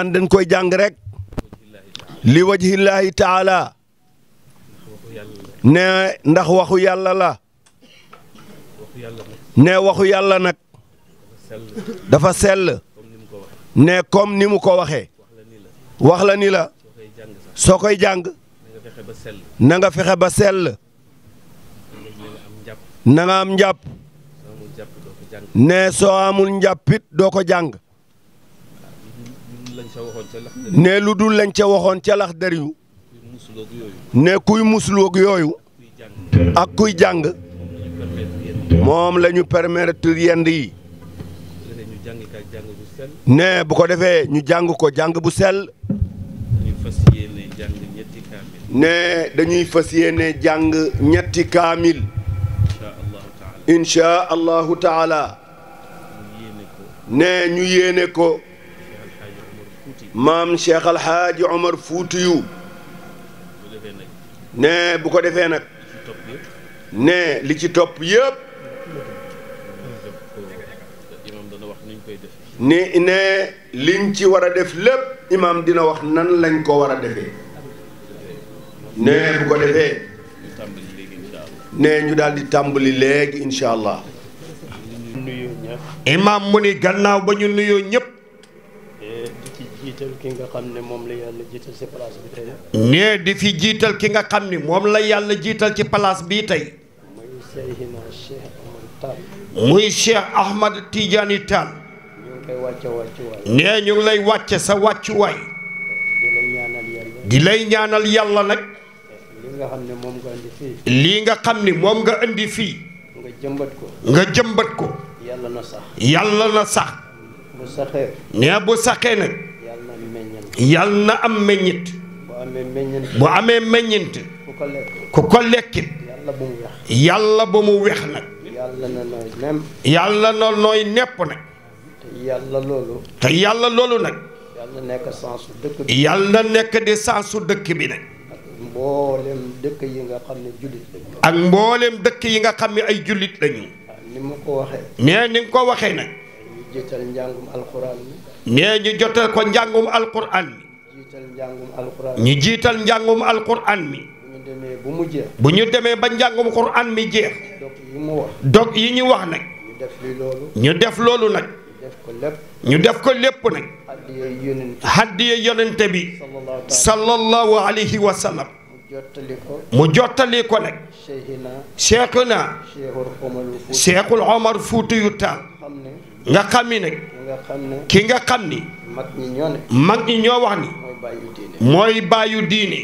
an dañ koy jàng rek li wajhillaahi taala ne ndax waxu yàlla la ne waxu yàlla nag dafa sell ne comme ni mu ko waxee wax la ni la soo koy jàng nanga fexe ba sell na nga am njàpp ne soo amul njàppit doo ko jàng nee lu dul lañ ca waxoon ca lax dër ne kuy musloog yooyu ak kuy jàng moom la ñu permettre yend yi ne bu ko defee ñu jàng ko jàng bu sel ne dañuy fas yéene jàng ñetti kaamil insha allahu taala ne ñu yéene ko maam Cheikh Al Hadj Omar Fuutiyu ne bu ko defee nag ne li ci topp yëpp ni ne liñ ci war a def lépp imaam dina wax nan lañ ko war a defee ne bu ko defee ne ñu daal di tàmbali léegi incha allah. imaam mu ni gannaaw ba ñu nuyoo ñëpp. jiital ki nga ne moom la yàlla jiital ci place nee di fi jiital ki nga xam ni moom la yàlla jiital ci place bi tey. muy Seyxina Cheikh Ahmad Tall. muy Cheikh nee ñu lay wàcce sa wàccuwaay. di lay ñaanal yàlla. nag. lii nga xam ne moom lii nga xam ni moom nga indi fii. nga jëmbat ko. nga jëmbat ko. yàlla na sax. nee bu saxee nag. yal na am meññit bu amee meññeent ku ko lekkit yàlla ba mu weex nag yàlla na nooy nepp nag te yàlla loolu nag yàlla nekk di sansu dëkk bi nag dëkk yi nga xam ne jullit ak mboolem dëkk yi nga xam ne ay jullit lañu. ni mu ko waxee. mais ni nga ko waxee nag. ñu jiital alxuraan mi. nee ñu jotal ko njàngum alquran mi ñu jiital njàngum alquran mi bu ñu demee ba njàngum quran mi jeex dog yi ñu wax nag ñu def loolu nag ñu def ko lépp nag haddiya yonente bi sallallahu alayhi wa sallam mu jottali ko nag cheikhuna cheikhul omar fuuti yu taal nga xam ni nag. ki nga xam ni. mag ñi ñoo ne. ñoo wax ni. mooy bàyyu diine.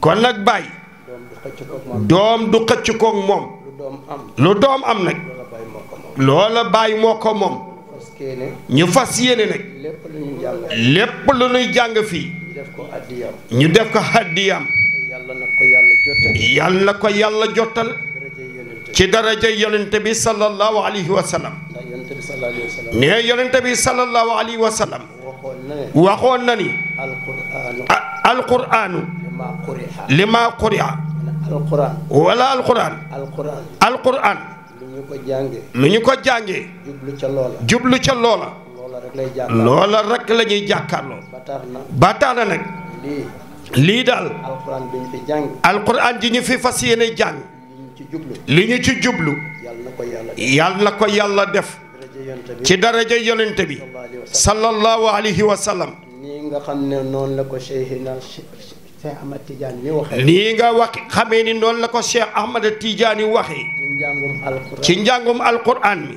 kon nag baay. doom du xëcc koog moom. lu doom am nag. loola baay moo ko moom. ñu fas yéene nag. lépp lu ñuy jàng fii. ñu def ko àddiyam. yàlla ko yàlla jottal. ci daraja yonente bi sallallahu alayhi wa nee yonente bi sallallahu alayhi wa sallam waxoon na ni alquraanu lima quri'a wala alquraan alquraan lu ñu ko jàngee jublu ca loola loola rek la ñuy jàkkaarloo ba tax na nag lii daal alquraan ji ñu fi fas yéene jàng li ñu ci jublu yàlla na ko yàlla def ci daraja yonent bi sallallahu alayhi wa sallam nii nga xam ne noonu la ko Cheikhina Cheikh Ahmad Tidiane mi waxee nii nga wax xamee ni noonu la ko Cheikh Ahmad Tidiane waxee ci njàngum alquran mi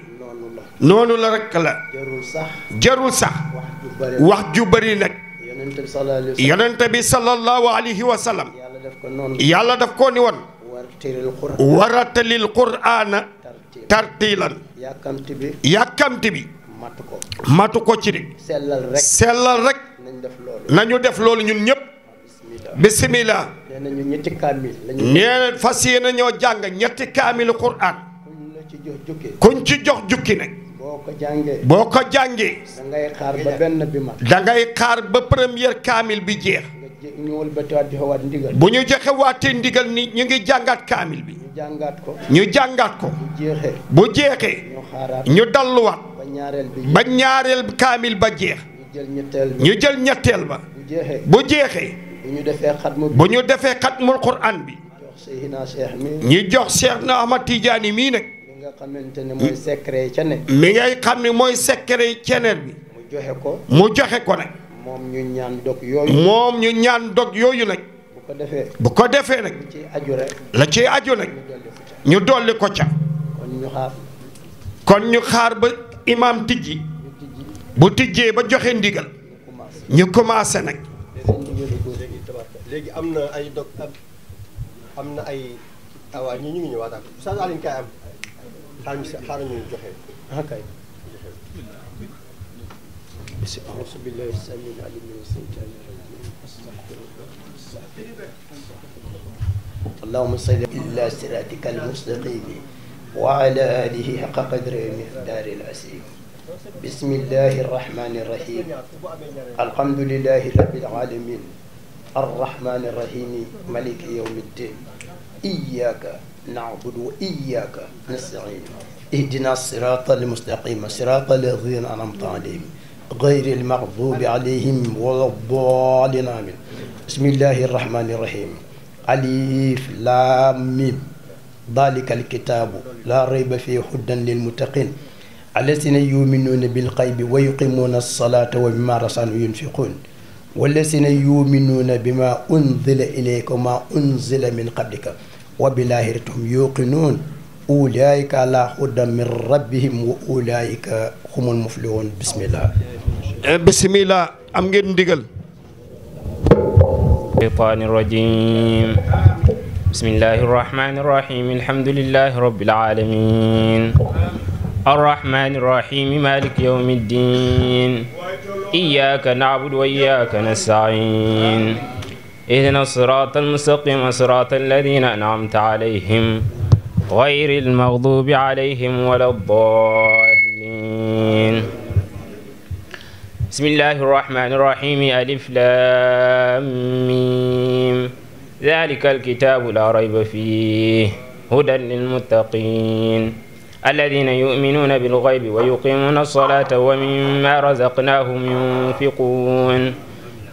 noonu la rek la jarul sax jarul sax wax ju bëri nag yonent bi sallallahu alayhi wa sallam yàlla daf ko ni woon waratalil tartiilan yàkkamti bi yàkkamti bi matu ko matu ko ci di sellal rek sellal rek nañu def loolu nañu def loolu ñun ñëpp bisimilah nee na ñu ñetti kaamil nee na fas yéene ñoo jàng ñetti kaamilu quraan kuñ ci jox jukki kuñ ci jox jukki nag boo ko jàngee boo ko jàngee da ngay xaar ba benn bi mat da ngay xaar ba première kaamil bi jeex bu ñu joxewaatee ndigal ni ñu ngi jàngaat kaamil bi jàngaat ko. ñu jàngaat ko. bu jeexee. bu ñu dalluwaat. ba ñaareel bi ba ñaareel kaamil ba jeex. ñu jël ñetteel ba. bu jeexee. bu ñu defee xat bu ñu defee xatmul quraan bi. ñu jox Cheikh na Ahmad Tidiane mii nag. mi nga xamante ne mooy secret ceneen. mi ngay xam ne mooy secret ceneen bi. mu joxe ko mu joxe ko nag. moom ñu ñaan dog yooyu. moom ñu ñaan dog yooyu nag. defee bu ko defee nag. la ciy aju nag ñu dolli ko ca. kon ñu xaar ba imaam tijji bu tijjee ba joxe ndigal ñu commencé nag. léegi am na ay dog na ay ah, waaw ñu ngi ñëwaat ak saa Alioune bisimilah. allahumma salli ala siraatika almustaqim wa ala alihi haqqa qadri miqdaari al-aziim. bismillahi rahmaani rahiim. alhamdulillahi rabbil aalamiin. الرحمن الرحيم ملك يوم الدين إياك نعبد وإياك نستعين اهدنا الصراط المستقيم صراط الذين أنعمت عليهم غير المغضوب عليهم ولا الضالين آمين بسم الله الرحمن الرحيم ألف لام ميم ذلك الكتاب لا ريب فيه هدى للمتقين الذين يؤمنون بالغيب ويقيمون الصلاة وبما رزقناهم ينفقون والذين يؤمنون بما أنزل إليك وما أنزل من قبلك وبالآخرة هم يوقنون أولئك على هدى من ربهم وأولئك هم المفلحون بسم الله bismillah am ngeen ndigal الشيطان الرجيم بسم الله الرحمن الرحيم الحمد لله رب العالمين الرحمن الرحيم مالك يوم الدين إياك نعبد وإياك نستعين اهدنا الصراط المستقيم صراط الذين أنعمت عليهم غير المغضوب عليهم ولا الضالين bismillahi irrahmani irrahimi alif lam mim zalika alkitabu la rayba fih hudan lilmuttaqin alladina yuminuna bilgaybi wa yuqimuna alsalata wa mima razaqnahum yunfiqun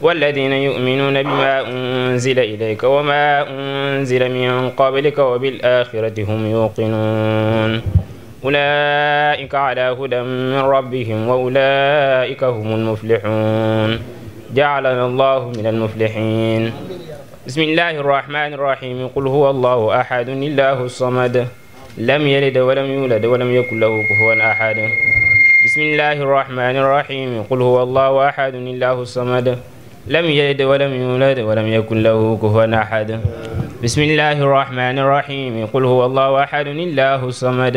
walladina yuminuna bima unzila ilayka wa ma unzila min qablika wa bilaxirati hum yuqinun أولئك على هدى من ربهم وأولئك هم المفلحون جعلنا الله من المفلحين بسم الله الرحمن الرحيم قل هو الله أحد الله الصمد لم يلد ولم يولد ولم يكن له كفوا أحد بسم الله الرحمن الرحيم قل هو الله أحد الله الصمد لم يلد ولم يولد ولم يكن له كفوا أحد بسم الله الرحمن الرحيم قل هو الله أحد الله الصمد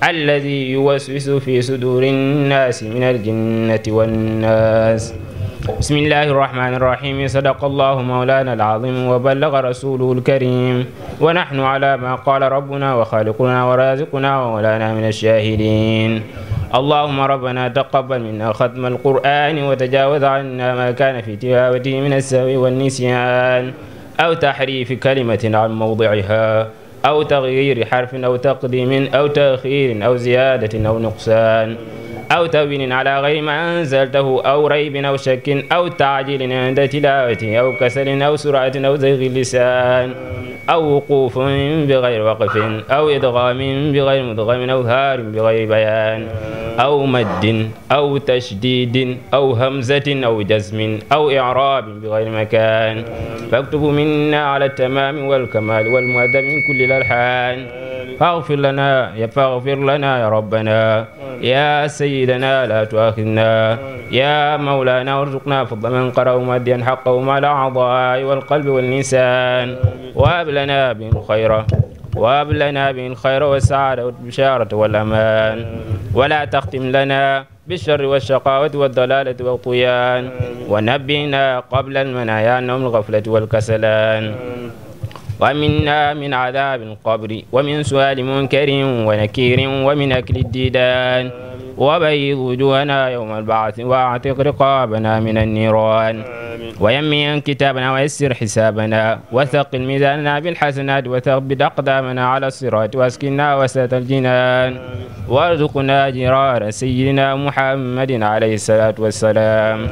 alladi yuwaswisu fi suduri nnaasi min aljinnati wannaas bismillahi irrahmani irrahim sadaqa allahu mawlana alazim wa ballaga rasuluhu alkarim wa nahnu ala ma qala rabbuna wa xaaliquna wa raziquna wa mawlana min alshahidin اللهم ربنا تقبل منا ختم القرآن وتجاوز عنا ما كان في تلاوته من السهو والنسيان أو تحريف كلمة عن موضعها aw taxyiri xarfin aw taqdimin aw taxiirin aw ziyadatin aw nuqsaan aw tawinin ala gayri ma anzaltahu aw raybin aw shakkin aw taajilin inda tilaawati aw kasalin aw suraatin aw zaygi lisaan aw wuquufin bi gayri waqfin aw idgaamin bi gayri mudgamin aw haarin bi gayri bayaan أو مد أو تشديد أو همزة أو جزم أو إعراب بغير مكان فاكتبوا منا على التمام والكمال والمؤدب من كل الألحان فاغفر لنا يا فاغفر لنا يا ربنا يا سيدنا لا تؤاخذنا يا مولانا وارزقنا فضل من قرأ ماديا حقه مع الأعضاء والقلب واللسان وهب لنا به خيره وهب لنا به الخير والسعادة والبشارة والأمان ولا تختم لنا بالشر والشقاوة والضلالة والطغيان ونبينا قبل المنايا عن الغفلة والكسلان ومنا من عذاب القبر ومن سؤال منكر ونكير ومن أكل الديدان وبيض وجوهنا يوم البعث واعتق رقابنا من النيران ويمين كتابنا ويسر حسابنا وثقل ميزاننا بالحسنات وثبت أقدامنا على الصراط واسكنا وسط الجنان وارزقنا جرار سيدنا محمد عليه الصلاة والسلام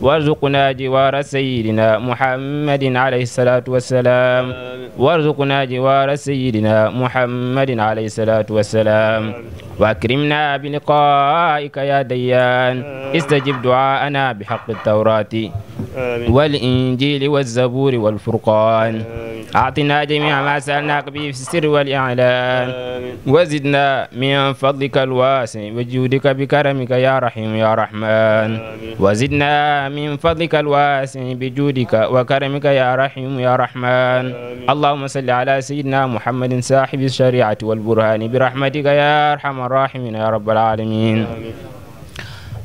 وارزقنا جوار سيدنا محمد عليه الصلاة والسلام وارزقنا جوار سيدنا محمد عليه الصلاة والسلام وأكرمنا بلقاء دعائك يا ديان استجب دعاءنا بحق التوراة والإنجيل والزبور والفرقان أعطنا جميع ما سألناك به في السر والإعلان وزدنا من فضلك الواسع وجودك بكرمك يا رحيم يا رحمن وزدنا من فضلك الواسع بجودك وكرمك يا رحيم يا رحمن اللهم صل على سيدنا محمد صاحب الشريعة والبرهان برحمتك يا أرحم الراحمين يا رب العالمين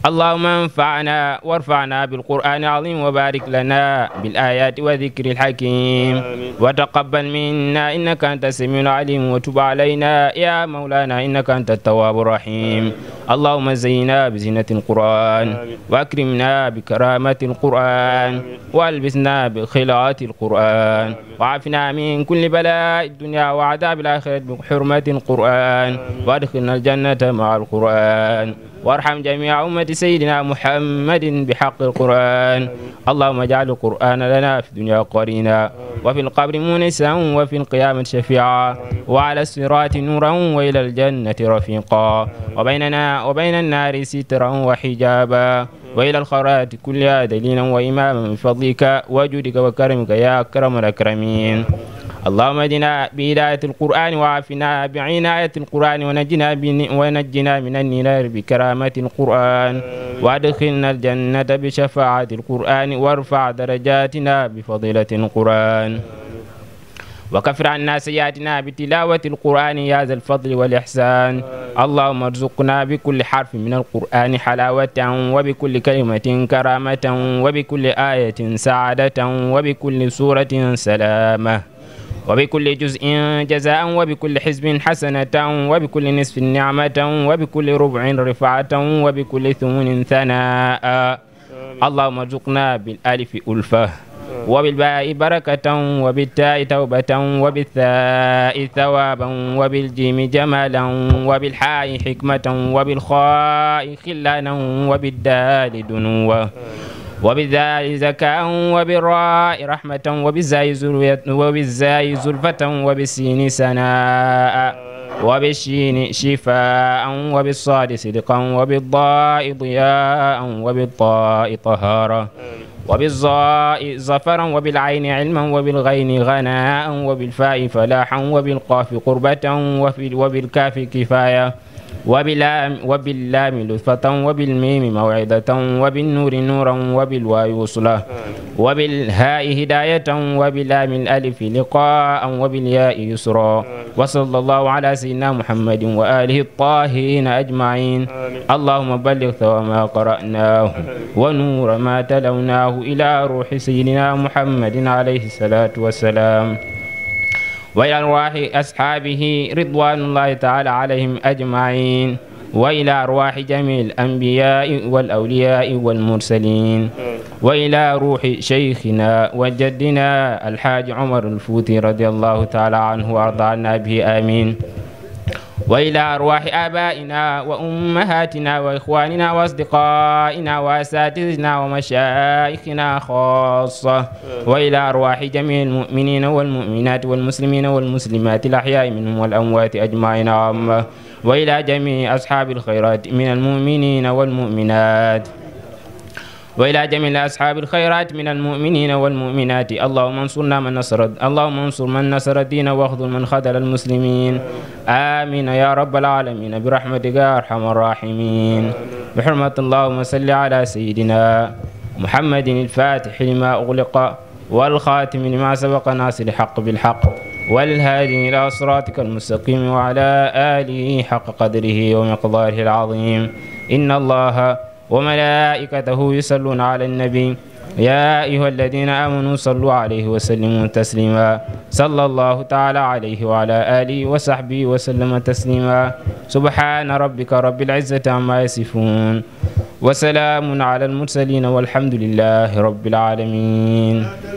اللهم انفعنا وارفعنا بالقرآن العظيم وبارك لنا بالآيات وذكر الحكيم وتقبل منا إنك أنت السميع العليم وتب علينا يا مولانا إنك أنت التواب الرحيم اللهم زينا بزينة القرآن وأكرمنا بكرامة القرآن وألبسنا بخلاعة القرآن وعافنا من كل بلاء الدنيا وعذاب الآخرة بحرمة القرآن وادخلنا الجنة مع القرآن وارحم جميع أمة سيدنا محمد بحق القرآن اللهم اجعل القرآن لنا في الدنيا قرينا وفي القبر مونسا وفي القيامة شفيعا وعلى الصراط نورا وإلى الجنة رفيقا وبيننا وبين النار سترا وحجابا وإلى الخيرات كلها دليلا وإماما من فضلك وجودك وكرمك يا أكرم الأكرمين اللهم اهدنا بهداية القرآن وعافنا بعناية القرآن ونجنا ونجنا من النار بكرامة القرآن وادخلنا الجنة بشفاعة القرآن وارفع درجاتنا بفضيلة القرآن وكفر عنا سيئاتنا بتلاوة القرآن يا ذا الفضل والإحسان اللهم ارزقنا بكل حرف من القرآن حلاوة وبكل كلمة كرامة وبكل آية سعادة وبكل سورة سلامة وبكل جزء جزاء وبكل حزب حسنة وبكل نصف نعمة وبكل ربع رفعة وبكل ثمن ثناء اللهم ارزقنا بالألف ألفه وبالباء بركة وبالتاء توبة وبالثاء ثوابا وبالجيم جمالا وبالحاء حكمة وبالخاء خلانا وبالدال دنوا وبالذال زكاء وبالراء رحمة وبالزاي زلفة وبالسين سناء وبالشين شفاء وبالصاد صدقا وبالضاء ضياء وبالطاء طهارا وبالظاء زفرا وبالعين علما وبالغين غناء وبالفاء فلاحا وبالقاف قربة وبالكاف كفاية وباللام لطفة وبالميم موعظة وبالنور نورا وبالواو وصلا وبالهاء هداية وبلام الألف لقاء وبالياء يسرا وصلى الله على سيدنا محمد وآله الطاهرين أجمعين اللهم بلغ ثواب ما قرأناه ونور ما تلوناه إلى روح سيدنا محمد عليه الصلاة والسلام wa ila arwaaxi asxaabihi ridwanullahi taala alayhim ajmain wa ila arwaaxi jamii al anbiyaai wal awliyaai wal mursalin wa ila ruuxi cheikhina wa jaddina alxaaji omar alfuuti radiallahu taala anhu wa ardaana bihi amin وإلى أرواح آبائنا وأمهاتنا وإخواننا وأصدقائنا وأساتذتنا ومشايخنا خاصة وإلى أرواح جميع المؤمنين والمؤمنات والمسلمين والمسلمات الأحياء منهم والأموات أجمعين عامة وإلى جميع أصحاب الخيرات من المؤمنين والمؤمنات وإلى جميع أصحاب الخيرات من المؤمنين والمؤمنات اللهم انصرنا من نصر اللهم انصر من نصر الدين واخذل من خذل المسلمين آمين يا رب العالمين برحمتك يا أرحم الراحمين بحرمة اللهم صل على سيدنا محمد الفاتح لما أغلق والخاتم لما سبق ناصر الحق بالحق والهادي إلى صراطك المستقيم وعلى آله حق قدره ومقداره العظيم إن الله وملائكته يصلون على النبي يا أيها الذين آمنوا صلوا عليه وسلموا تسليما صلى الله تعالى عليه وعلى آله وصحبه وسلم تسليما سبحان ربك رب العزة عما يصفون وسلام على المرسلين والحمد لله رب العالمين